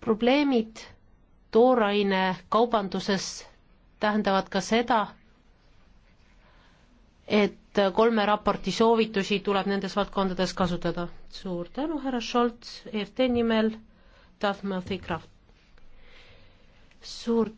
probleemid tooraine kaubanduses tähendavad ka seda, et kolme raporti soovitusi tuleb nendes valdkondades kasutada. suur tänu, härra Scholz, EFT nimel, Daphne Thigraft. suur